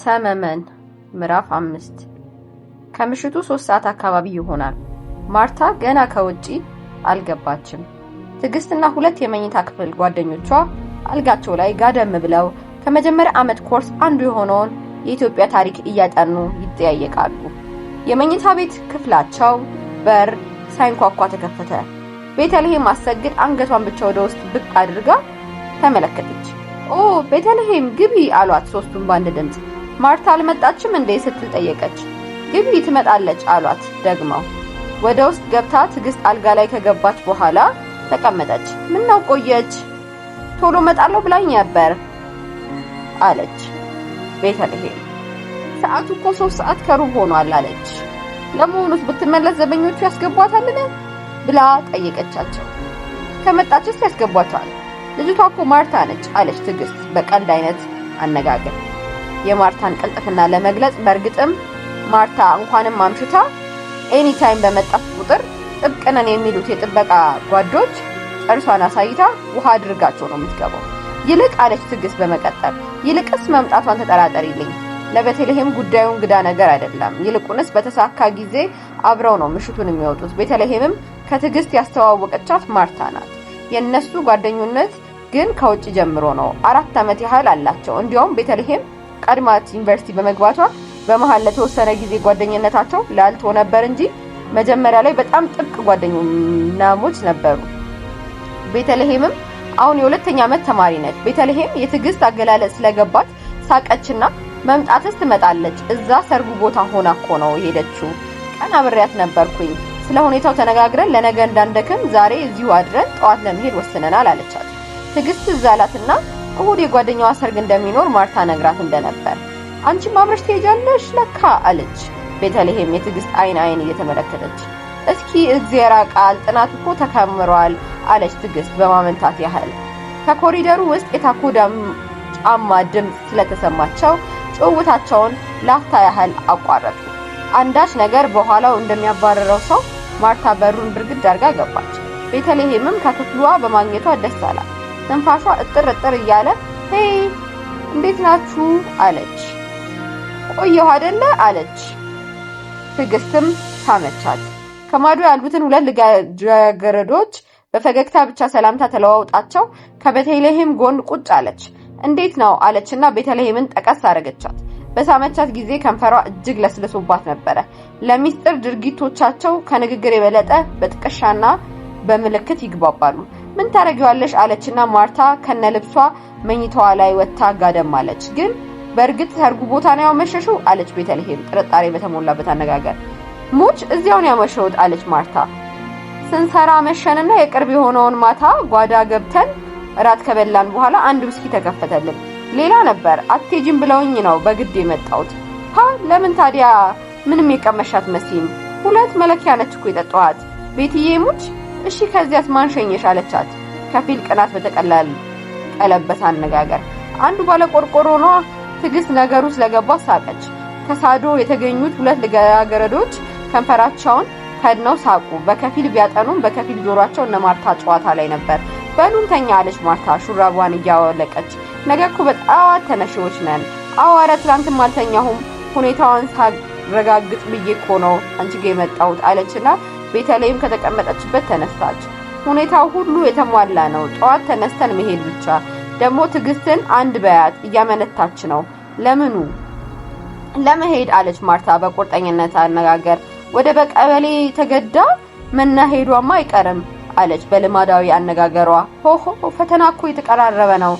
ሰመመን ምዕራፍ አምስት ከምሽቱ ሶስት ሰዓት አካባቢ ይሆናል። ማርታ ገና ከውጪ አልገባችም። ትዕግስትና ሁለት የመኝታ ክፍል ጓደኞቿ አልጋቸው ላይ ጋደም ብለው ከመጀመሪያ ዓመት ኮርስ አንዱ የሆነውን የኢትዮጵያ ታሪክ እያጠኑ ይጠያየቃሉ። የመኝታ ቤት ክፍላቸው በር ሳይንኳኳ ተከፈተ። ቤተልሔም አሰግድ አንገቷን ብቻ ወደ ውስጥ ብቅ አድርጋ ተመለከተች። ኦ ቤተልሔም ግቢ አሏት ሶስቱም በአንድ ድምፅ። ማርታ አልመጣችም እንዴ ስትል ጠየቀች። ግቢ ትመጣለች አሏት ደግሞ ወደ ውስጥ ገብታ ትዕግስት አልጋ ላይ ከገባች በኋላ ተቀመጠች። ምነው ቆየች? ቶሎ መጣለሁ ብላኝ ነበር አለች። ቤተልሔም ሰዓቱ እኮ ሶስት ሰዓት ከሩብ ሆኗል አለች። ለመሆኑስ ብትመለስ ዘበኞቹ ያስገቧታልን ብላ ጠየቀቻቸው። ከመጣችስ ያስገቧታል፣ ልጅቷ እኮ ማርታ ነች አለች ትዕግስት በቀልድ አይነት አነጋገር የማርታን ቅልጥፍና ለመግለጽ በእርግጥም ማርታ እንኳንም አምሽታ ኤኒታይም በመጣፍ ቁጥር ጥብቅነን የሚሉት የጥበቃ ጓዶች ጥርሷን አሳይታ ውሃ አድርጋቸው ነው የምትገባው። ይልቅ አለች ትግስት በመቀጠል ይልቅስ መምጣቷን ተጠራጠሪልኝ። ለቤተልሔም ጉዳዩ እንግዳ ነገር አይደለም። ይልቁንስ በተሳካ ጊዜ አብረው ነው ምሽቱን የሚወጡት። ቤተልሔምም ከትግስት ያስተዋወቀቻት ማርታ ናት። የእነሱ ጓደኙነት ግን ከውጭ ጀምሮ ነው። አራት ዓመት ያህል አላቸው። እንዲያውም ቤተልሔም ቀድማት ዩኒቨርሲቲ በመግባቷ በመሀል ለተወሰነ ጊዜ ጓደኝነታቸው ላልቶ ነበር እንጂ መጀመሪያ ላይ በጣም ጥብቅ ጓደኛሞች ነበሩ። ቤተልሔምም አሁን የሁለተኛ ዓመት ተማሪ ነች። ቤተልሔም የትዕግስት አገላለጽ ስለገባት ሳቀችና መምጣትስ ትመጣለች። እዛ ሰርጉ ቦታ ሆና እኮ ነው የሄደችው። ቀን አብሬያት ነበርኩኝ። ስለ ሁኔታው ተነጋግረን ለነገ እንዳንደክም ዛሬ እዚሁ አድረን ጠዋት ለመሄድ ወስነናል አለቻት። ትዕግስት እዛ አላትና እሁድ የጓደኛዋ ሰርግ እንደሚኖር ማርታ ነግራት እንደነበር አንቺም አብረሽ ትሄጃለሽ ለካ አለች። ቤተልሔም የትዕግስት አይን አይን እየተመለከተች እስኪ እግዜራ ቃል ጥናት እኮ ተከምሯል አለች ትዕግስት በማመንታት ያህል። ከኮሪደሩ ውስጥ የታኮዳ ጫማ ድምፅ ስለተሰማቸው ጭውውታቸውን ላፍታ ያህል አቋረጡ። አንዳች ነገር በኋላው እንደሚያባረረው ሰው ማርታ በሩን ብርግድ አድርጋ ገባች። ቤተልሔምም ከክፍሏ በማግኘቷ ደስ አላት። ትንፋሿ እጥር እጥር እያለ ሄይ እንዴት ናችሁ አለች። ቆየሁ አይደለ አለች። ትዕግስትም ሳመቻት። ከማዶ ያሉትን ሁለት ልጃገረዶች በፈገግታ ብቻ ሰላምታ ተለዋውጣቸው ከቤተልሔም ጎን ቁጭ አለች። እንዴት ነው አለችና ቤተልሔምን ጠቀስ አደረገቻት። በሳመቻት ጊዜ ከንፈሯ እጅግ ለስልሶባት ነበረ። ለሚስጥር ድርጊቶቻቸው ከንግግር የበለጠ በጥቅሻና በምልክት ይግባባሉ። ምን ታደርጊዋለሽ አለችና ማርታ ከነ ልብሷ መኝታዋ ላይ ወጥታ ጋደም አለች። ግን በእርግጥ ሰርጉ ቦታ ነው ያመሸሽው አለች ቤተልሔም ጥርጣሬ በተሞላበት አነጋገር። ሙች እዚያውን ያመሸሁት አለች ማርታ። ስንሰራ መሸንና የቅርብ የሆነውን ማታ ጓዳ ገብተን እራት ከበላን በኋላ አንድ ውስኪ ተከፈተልን። ሌላ ነበር። አትሄጂም ብለውኝ ነው በግድ የመጣሁት። ሀ ለምን ታዲያ ምንም የቀመሻት መሲም ሁለት መለኪያ ነች እኮ የጠጣኋት ቤትዬ ሙች እሺ ከዚያስ ማንሸኘሽ አለቻት ከፊል ቅናት ቀለበት አነጋገር። አንዱ ባለ ቆርቆሮ ነዋ። ትዕግስት ነገሩ ስለገባት ሳቀች። ከሳዶ የተገኙት ሁለት ልጃገረዶች ከንፈራቸውን ከድነው ሳቁ። በከፊል ቢያጠኑም በከፊል ጆሯቸው እነ ማርታ ጨዋታ ላይ ነበር። በሉን ተኛ አለች ማርታ ሹራቧን እያወለቀች። ነገ እኮ በጠዋት ተነሺዎች ነን። አዎ ኧረ ትናንትም አልተኛሁም ሁኔታዋን ሳረጋግጥ ብዬ እኮ ነው አንቺ ጋ የመጣሁት አለችና ቤተልሔም ከተቀመጠችበት ተነሳች። ሁኔታው ሁሉ የተሟላ ነው። ጠዋት ተነስተን መሄድ ብቻ። ደግሞ ትዕግስትን አንድ በያት፣ እያመነታች ነው። ለምኑ ለመሄድ አለች ማርታ በቁርጠኝነት አነጋገር። ወደ በቀበሌ ተገዳ መናሄዷማ አይቀርም አለች በልማዳዊ አነጋገሯ። ሆሆ ፈተና እኮ የተቀራረበ ነው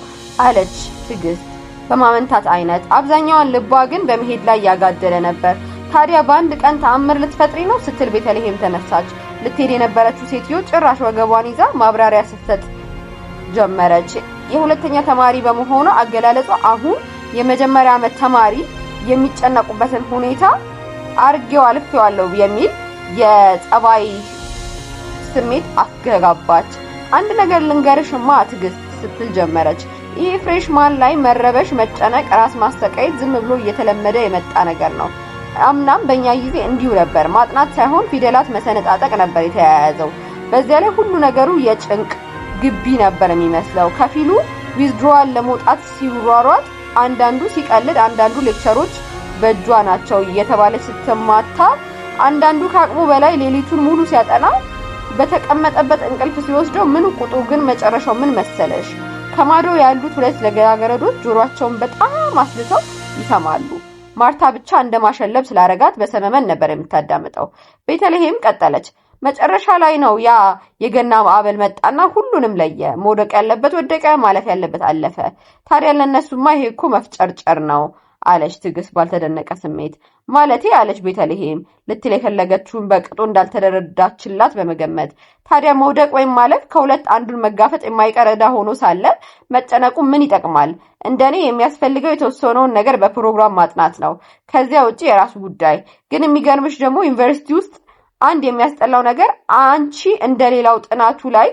አለች ትዕግስት በማመንታት አይነት። አብዛኛውን ልቧ ግን በመሄድ ላይ ያጋደለ ነበር። ታዲያ በአንድ ቀን ተአምር ልትፈጥሪ ነው ስትል ቤተልሔም ተነሳች። ልትሄድ የነበረችው ሴትዮ ጭራሽ ወገቧን ይዛ ማብራሪያ ስትሰጥ ጀመረች። የሁለተኛ ተማሪ በመሆኗ አገላለጿ አሁን የመጀመሪያ ዓመት ተማሪ የሚጨነቁበትን ሁኔታ አርጌው አልፌዋለሁ የሚል የጸባይ ስሜት አስገጋባች። አንድ ነገር ልንገርሽማ ትዕግስት ስትል ጀመረች። ይህ ፍሬሽማን ላይ መረበሽ፣ መጨነቅ፣ ራስ ማስተቃየት ዝም ብሎ እየተለመደ የመጣ ነገር ነው። አምናም በእኛ ጊዜ እንዲሁ ነበር። ማጥናት ሳይሆን ፊደላት መሰነጣጠቅ ነበር የተያያዘው። በዚያ ላይ ሁሉ ነገሩ የጭንቅ ግቢ ነበር የሚመስለው። ከፊሉ ዊዝድሮዋል ለመውጣት ሲሯሯጥ፣ አንዳንዱ ሲቀልድ፣ አንዳንዱ ሌክቸሮች በእጇ ናቸው እየተባለች ስትማታ፣ አንዳንዱ ከአቅሙ በላይ ሌሊቱን ሙሉ ሲያጠና፣ በተቀመጠበት እንቅልፍ ሲወስደው፣ ምን ቁጡ ግን መጨረሻው ምን መሰለሽ? ከማዶ ያሉት ሁለት ልጃገረዶች ጆሯቸውን በጣም አስልተው ይሰማሉ። ማርታ ብቻ እንደ ማሸለብ ስላረጋት በሰመመን ነበር የምታዳምጠው። ቤተልሔም ቀጠለች። መጨረሻ ላይ ነው ያ የገና ማዕበል መጣና ሁሉንም ለየ። መውደቅ ያለበት ወደቀ፣ ማለፍ ያለበት አለፈ። ታዲያ ለእነሱማ ይሄ እኮ መፍጨርጨር ነው አለች ትዕግስት ባልተደነቀ ስሜት። ማለቴ አለች ቤተልሔም ልትል የፈለገችውን በቅጡ እንዳልተደረዳችላት በመገመት ታዲያ መውደቅ ወይም ማለፍ ከሁለት አንዱን መጋፈጥ የማይቀር ዕዳ ሆኖ ሳለ መጨነቁ ምን ይጠቅማል? እንደኔ የሚያስፈልገው የተወሰነውን ነገር በፕሮግራም ማጥናት ነው። ከዚያ ውጭ የራሱ ጉዳይ። ግን የሚገርምሽ ደግሞ ዩኒቨርሲቲ ውስጥ አንድ የሚያስጠላው ነገር አንቺ እንደሌላው ጥናቱ ላይ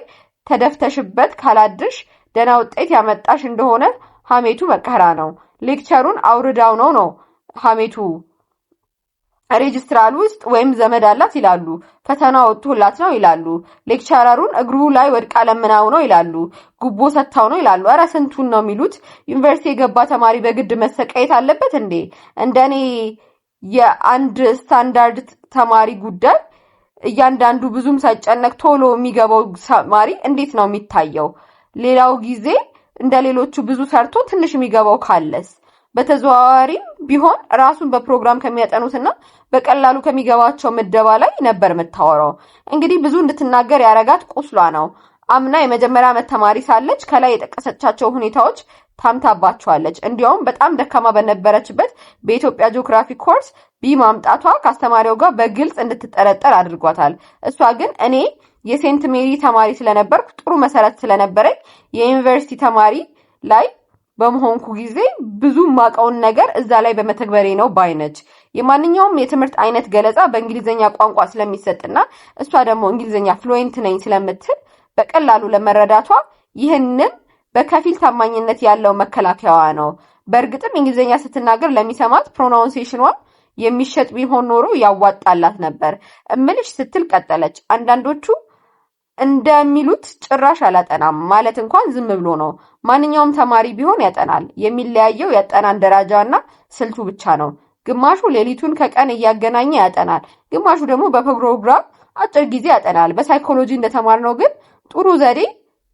ተደፍተሽበት ካላድርሽ ደህና ውጤት ያመጣሽ እንደሆነ ሀሜቱ መቀራ ነው። ሌክቸሩን አውርዳው ነው ነው ሀሜቱ። ሬጅስትራል ውስጥ ወይም ዘመድ አላት ይላሉ። ፈተና ወጥቶላት ነው ይላሉ። ሌክቸረሩን እግሩ ላይ ወድቃ ለምናው ነው ይላሉ። ጉቦ ሰጥታው ነው ይላሉ። ኧረ ስንቱን ነው የሚሉት። ዩኒቨርሲቲ የገባ ተማሪ በግድ መሰቃየት አለበት እንዴ? እንደኔ የአንድ ስታንዳርድ ተማሪ ጉዳይ እያንዳንዱ ብዙም ሳይጨነቅ ቶሎ የሚገባው ተማሪ እንዴት ነው የሚታየው? ሌላው ጊዜ እንደ ሌሎቹ ብዙ ሰርቶ ትንሽ የሚገባው ካለስ በተዘዋዋሪም ቢሆን ራሱን በፕሮግራም ከሚያጠኑትና በቀላሉ ከሚገባቸው ምደባ ላይ ነበር የምታወራው። እንግዲህ ብዙ እንድትናገር ያረጋት ቁስሏ ነው። አምና የመጀመሪያ ዓመት ተማሪ ሳለች ከላይ የጠቀሰቻቸው ሁኔታዎች ታምታባቸዋለች። እንዲያውም በጣም ደካማ በነበረችበት በኢትዮጵያ ጂኦግራፊ ኮርስ ቢ ማምጣቷ ከአስተማሪው ጋር በግልጽ እንድትጠረጠር አድርጓታል። እሷ ግን እኔ የሴንት ሜሪ ተማሪ ስለነበርኩ ጥሩ መሰረት ስለነበረኝ የዩኒቨርሲቲ ተማሪ ላይ በመሆንኩ ጊዜ ብዙ ማቀውን ነገር እዛ ላይ በመተግበሬ ነው ባይነች። የማንኛውም የትምህርት አይነት ገለጻ በእንግሊዝኛ ቋንቋ ስለሚሰጥና እሷ ደግሞ እንግሊዝኛ ፍሉዌንት ነኝ ስለምትል በቀላሉ ለመረዳቷ ይህንን በከፊል ታማኝነት ያለው መከላከያዋ ነው። በእርግጥም እንግሊዝኛ ስትናገር ለሚሰማት ፕሮናውንሴሽኗን የሚሸጥ ቢሆን ኖሮ ያዋጣላት ነበር እምልሽ ስትል ቀጠለች። አንዳንዶቹ እንደሚሉት ጭራሽ አላጠናም ማለት እንኳን ዝም ብሎ ነው። ማንኛውም ተማሪ ቢሆን ያጠናል። የሚለያየው የአጠናን ደረጃና ስልቱ ብቻ ነው። ግማሹ ሌሊቱን ከቀን እያገናኘ ያጠናል፣ ግማሹ ደግሞ በፕሮግራም አጭር ጊዜ ያጠናል። በሳይኮሎጂ እንደተማርነው ግን ጥሩ ዘዴ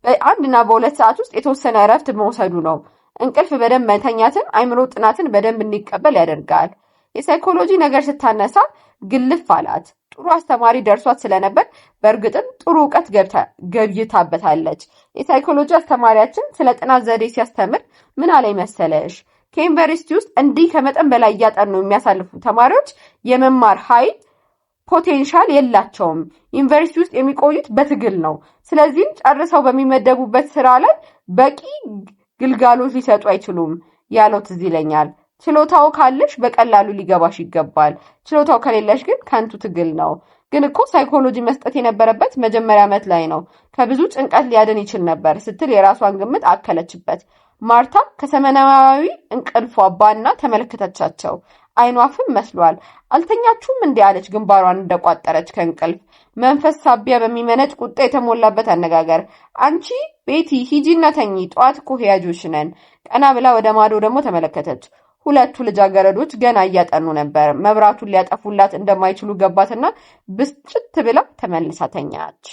በአንድና በሁለት ሰዓት ውስጥ የተወሰነ እረፍት መውሰዱ ነው። እንቅልፍ በደንብ መተኛትን አይምሮ ጥናትን በደንብ እንዲቀበል ያደርጋል። የሳይኮሎጂ ነገር ስታነሳ ግልፍ አላት። ጥሩ አስተማሪ ደርሷት ስለነበር በእርግጥም ጥሩ እውቀት ገብይታበታለች። የሳይኮሎጂ አስተማሪያችን ስለ ጥናት ዘዴ ሲያስተምር ምን አላይ መሰለሽ? ከዩኒቨርሲቲ ውስጥ እንዲህ ከመጠን በላይ እያጠኑ የሚያሳልፉ ተማሪዎች የመማር ኃይል ፖቴንሻል የላቸውም። ዩኒቨርሲቲ ውስጥ የሚቆዩት በትግል ነው። ስለዚህም ጨርሰው በሚመደቡበት ስራ ላይ በቂ ግልጋሎት ሊሰጡ አይችሉም ያለው ትዝ ይለኛል። ችሎታው ካለሽ በቀላሉ ሊገባሽ ይገባል። ችሎታው ከሌለሽ ግን ከንቱ ትግል ነው። ግን እኮ ሳይኮሎጂ መስጠት የነበረበት መጀመሪያ ዓመት ላይ ነው። ከብዙ ጭንቀት ሊያድን ይችል ነበር ስትል የራሷን ግምት አከለችበት። ማርታ ከሰመናዊ እንቅልፏ ባና ተመለከተቻቸው። አይኗፍም መስሏል። አልተኛችሁም እንዲህ አለች፣ ግንባሯን እንደቋጠረች ከእንቅልፍ መንፈስ ሳቢያ በሚመነጭ ቁጣ የተሞላበት አነጋገር። አንቺ ቤቲ ሂጂና ተኚ፣ ጠዋት እኮ ህያጆች ነን። ቀና ብላ ወደ ማዶ ደግሞ ተመለከተች። ሁለቱ ልጃገረዶች ገና እያጠኑ ነበር። መብራቱን ሊያጠፉላት እንደማይችሉ ገባትና ብስጭት ብላ ተመልሳ ተኛች።